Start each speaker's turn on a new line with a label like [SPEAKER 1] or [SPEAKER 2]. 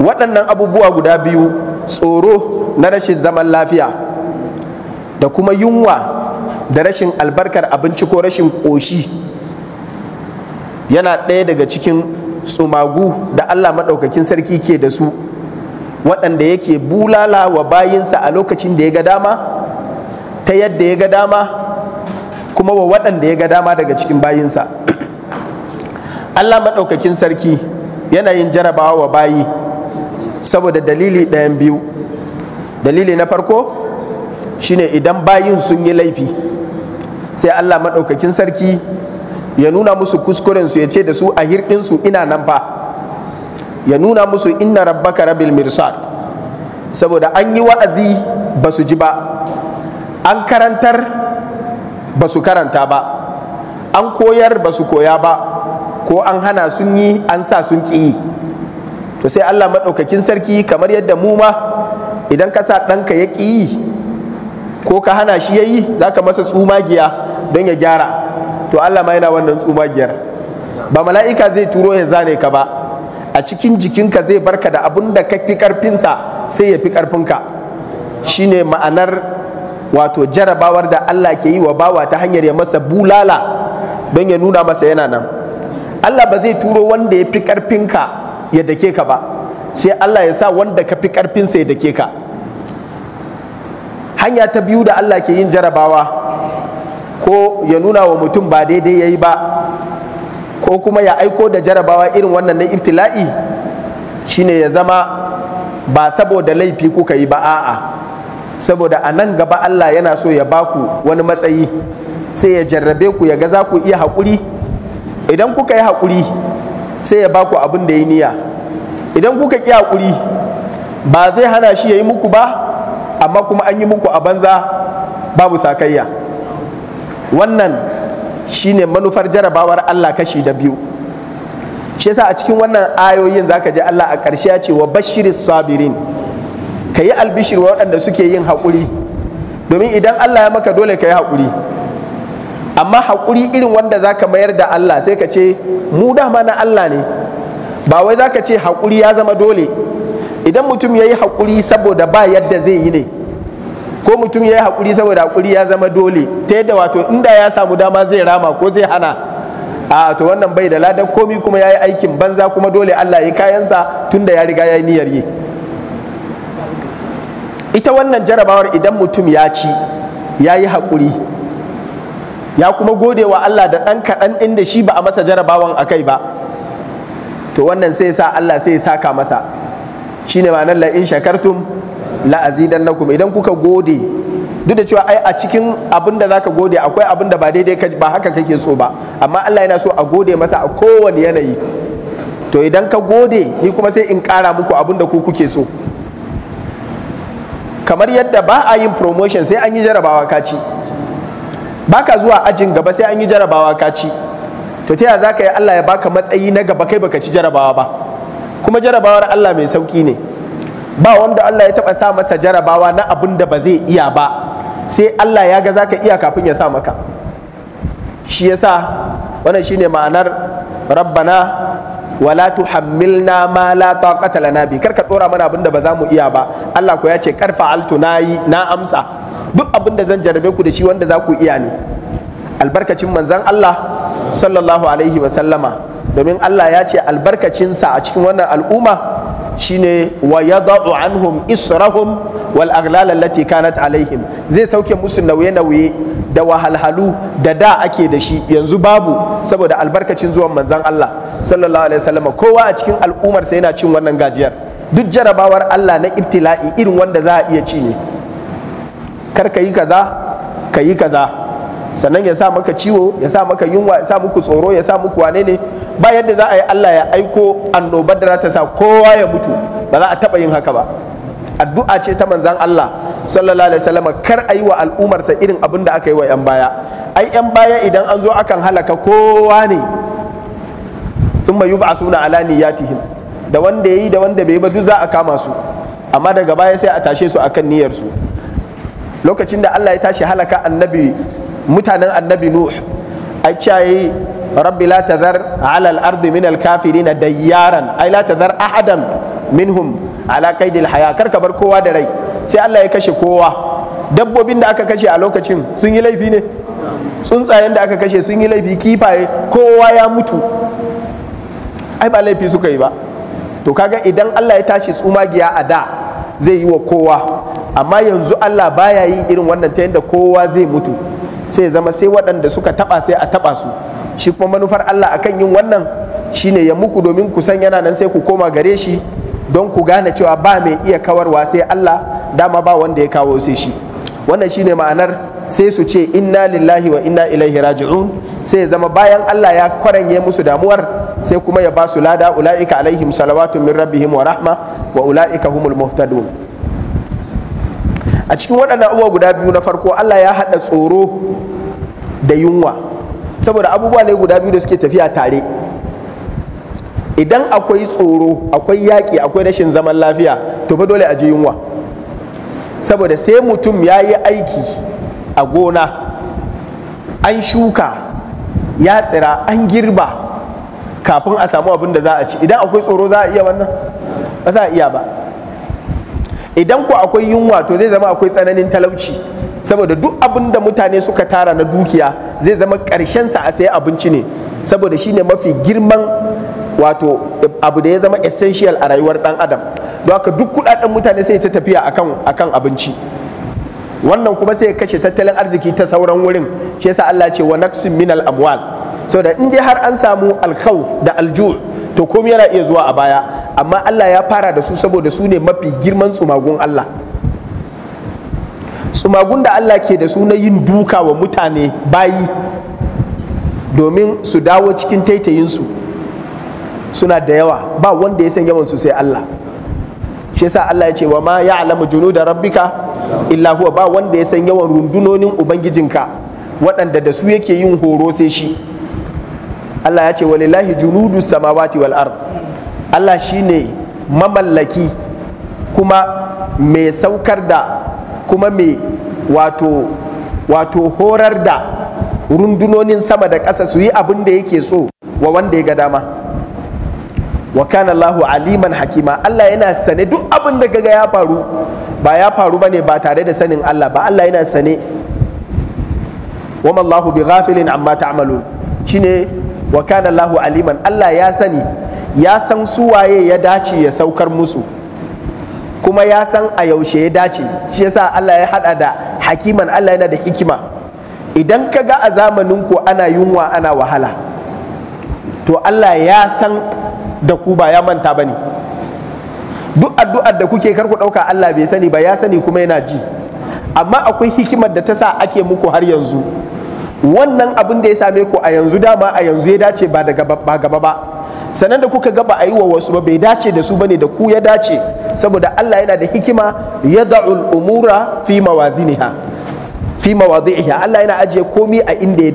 [SPEAKER 1] waɗannan abubuwa guda biyu tsoro na rashin zaman lafiya da kuma yunwa da rashin albarkar abinci ko rashin ƙoshi yana ɗaya daga cikin tsumagu da allah maɗaukakin sarki ke da su waɗanda yake bulala wa bayinsa a lokacin da ya ga dama ta yadda ya ga dama kuma wa waɗanda ya ga dama daga cikin bayinsa allah maɗaukakin sarki yana yin jarabawa wa bayi saboda dalili ɗayan biyu dalili na farko shine idan bayin sun yi laifi sai allah maɗaukakin sarki ya nuna musu kuskurensu ya ce da su a hirɗinsu ina nan fa ya nuna musu inna rabbaka rabbil mirsad saboda an yi wa'azi ba su ji ba an karantar ba su karanta ba an koyar ba su koya ba ko an hana sun yi an sa sun ƙi yi to sai Allah maɗaukakin sarki kamar yadda mu ma idan ka sa ɗanka ya ƙi yi ko ka hana shi ya yi za ka masa tsumagiya don ya gyara to Allah ma yana wannan giyar ba mala'ika zai turo ya zane ka ba a cikin jikinka zai barka da abun da ka fi ƙarfinsa sai ya fi ƙarfinka shine ma'anar wato jarabawar da Allah ke yi wa bawa ta hanyar ya masa bulala don ya nuna masa yana nan Allah ba zai turo wanda ya fi ƙarfinka ya dake ka ba sai Allah ya sa wanda ka fi karfinsa ya dake ka hanya ta biyu da Allah ke yin jarabawa ko ya nuna wa mutum ba daidai ya yi ba ko kuma ya aiko da jarabawa irin wannan na ibtila'i shine ya zama ba saboda laifi kuka yi ba a'a saboda a nan gaba Allah yana so ya baku wani matsayi sai ya jarrabe ku ya ga za ku iya haƙuri idan kuka yi haƙuri sai ya baku abin da ya niya idan kuka ƙi hakuri ba zai hana shi ya yi muku ba amma kuma an yi muku a banza babu sakayya wannan shine manufar jarabawar Allah kashi da biyu shi yasa a cikin wannan ayoyin zaka je Allah a ƙarshe ya ce wa bashirin sabirin ka yi albishir wa waɗanda suke yin haƙuri domin idan Allah ya maka dole ka yi haƙuri amma haƙuri irin wanda za ka mayar da Allah sai ka ce mu dama na Allah ne ba wai za ka ce haƙuri ya zama dole idan mutum ya yi haƙuri saboda ba yadda zai yi ne ko mutum ya yi haƙuri saboda haƙuri ya zama dole ta yadda wato inda ya samu dama zai rama ko zai hana a to wannan bai da ladan komi kuma ya yi aikin banza kuma dole Allah ya kayansa tun da ya riga ya yi niyyar yi ita wannan jarabawar idan mutum ya ci ya yi haƙuri ya kuma gode wa Allah da ɗan kaɗan inda shi ba a masa jarabawan a kai ba to wannan sai sa Allah sai saka masa Shi ne ma'anar la'in shakartum la'azidan na kuma. idan kuka gode duk da cewa ai a cikin abin da zaka gode akwai abin da ba daidai ba haka kake so ba amma Allah yana so a gode masa a kowane yanayi to idan ka gode ni kuma sai in ƙara muku abin da ku kuke so kamar yadda ba a yin promotion sai an yi jarabawa ka ci. baka zuwa ajin gaba sai an yi jarabawa ka ci to ta za ka yi Allah ya baka matsayi na gaba kai baka ci jarabawa ba kuma jarabawar Allah mai sauki ne ba wanda Allah ya taba sa masa jarabawa na abin da ba zai iya ba sai Allah ya ga zaka iya kafin ya sa maka shi yasa wannan shine ma'anar rabbana wala tuhammilna ma la taqata lana bi karka dora mana abin da ba za mu iya ba Allah ko ya ce karfa altu nayi na amsa duk abin da zan jarabe ku da shi wanda za ku iya ne albarkacin manzan Allah sallallahu alaihi wa sallama domin Allah ya ce albarkacinsa a cikin wannan al'umma shine wa yada'u anhum israhum wal aghlal allati kanat alaihim zai sauke musu nauye-nauye da wahalhalu da da ake da shi yanzu babu saboda albarkacin zuwan manzan Allah sallallahu alaihi wasallam kowa a cikin al'ummar sai yana cin wannan gajiyar duk jarabawar Allah na ibtila'i irin wanda za a iya ci ne kar ka yi kaza ka yi kaza sannan ya sa maka ciwo ya sa maka yunwa ya sa muku tsoro ya sa muku wane ne ba yadda za a yi Allah ya aiko annobar da za ta sa kowa ya mutu ba za a taba yin haka ba addu'a ce ta manzan Allah sallallahu alaihi wasallam kar a yi wa al'umarsa irin abin da aka yi wa 'yan baya ai 'yan baya idan an zo akan halaka kowa ne sun mayu ba suna ala niyyatihim da wanda ya yi da wanda bai ba duk za a kama su amma daga baya sai a tashe su akan su. lokacin da Allah ya tashi halaka annabi mutanen annabi nuh a cayi rabbi la tazar ala al-ardi min al-kafirin dayyaran ai la tazar ahadan minhum ala kaidil haya kar ka bar kowa da rai sai Allah ya kashe kowa dabbobin da aka kashe a lokacin sun yi laifi ne tsuntsayen da aka kashe sun yi laifi kifaye kowa ya mutu ai ba laifi suka yi ba to kaga idan Allah ya tashi tsumagiya a da zai yi wa kowa amma yanzu Allah baya yin irin wannan ta yadda kowa zai mutu sai zama sai waɗanda suka taɓa sai a taɓa su shi kuma manufar Allah akan yin wannan shine ya muku domin ku san yana nan sai ku koma gare shi don ku gane cewa ba mai iya kawarwa sai Allah dama ba wanda ya kawo sai shi wannan shine ma'anar sai su ce inna lillahi wa inna ilaihi raji'un sai ya zama bayan Allah ya kwaranye musu damuwar sai kuma ya ba su lada ula'ika alaihim salawatu min rabbihim wa rahma wa ula'ika humul muhtadun a cikin waɗannan abubuwa guda biyu na farko Allah ya haɗa tsoro da yunwa saboda abubuwa ne guda biyu da suke tafiya tare idan akwai tsoro akwai yaƙi akwai rashin zaman lafiya to fa dole a je yunwa saboda sai mutum ya yi aiki a gona an shuka ya tsira an girba kafin a samu abin da za a ci idan akwai tsoro za a iya wannan ba za a iya ba idan ku akwai yunwa to zai zama akwai tsananin talauci saboda duk abin da mutane suka tara na dukiya zai zama sa a sayi abinci ne saboda shine mafi girman wato abu da ya zama essential a rayuwar dan adam don haka duk kudaden mutane sai ta tafiya akan akan abinci wannan kuma sai kashe tattalin arziki ta sauran wurin shi yasa Allah ce wa naqsin minal amwal saboda in dai har an samu al-khawf da al-ju' to komai yana iya zuwa a baya amma Allah ya fara da su saboda su ne mafi girman tsumagun Allah tsumagun da Allah ke da su na yin duka wa mutane bayi domin su dawo cikin taitayinsu suna da yawa ba wanda ya san yawan su sai Allah shi yasa Allah ya ce wa ma ya'lamu junuda rabbika illa huwa ba wanda ya san yawan rundunonin ubangijinka waɗanda da su yake yin horo sai shi Allah ya ce walillahi junudu samawati wal ard Allah shine mamallaki kuma mai saukar da kuma mai wato wato horar da rundunonin sama da ƙasa su yi abin da yake so wa wanda ya ga dama wa kana Allahu aliman hakima Allah yana sane duk abin da kaga ya faru ba ya faru bane ba tare da sanin Allah ba Allah yana sane wa Allahu bi ghafilin amma ta'malun shine wa kana Allahu aliman Allah ya sani ya san waye ya dace ya saukar musu kuma ya san a yaushe ya dace shi yasa Allah ya hada da hakiman Allah yana da hikima idan ka ga a zamanin ku ana yunwa ana wahala to Allah ya san da ku ba ya manta bane duk addu'ar da kuke kar ku dauka Allah bai sani ba ya sani kuma yana ji amma akwai hikimar da ta sa ake muku har yanzu wannan abin da ya same ku a yanzu dama a yanzu ya dace ba daga ba gaba ba sanan da kuka gaba ayi yi wa wasu ba bai dace da su bane da ku ya dace saboda Allah yana da hikima ya da'ul umura fi mawaziniha fi mawadhi'iha Allah yana ajiye komi a inda ya